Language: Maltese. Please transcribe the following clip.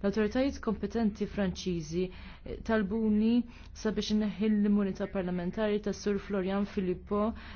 L-autoritajiet kompetenti Franċiżi eh, talbuni sabiex inneħħil l-immunità parlamentari tas Sur Florian Filippo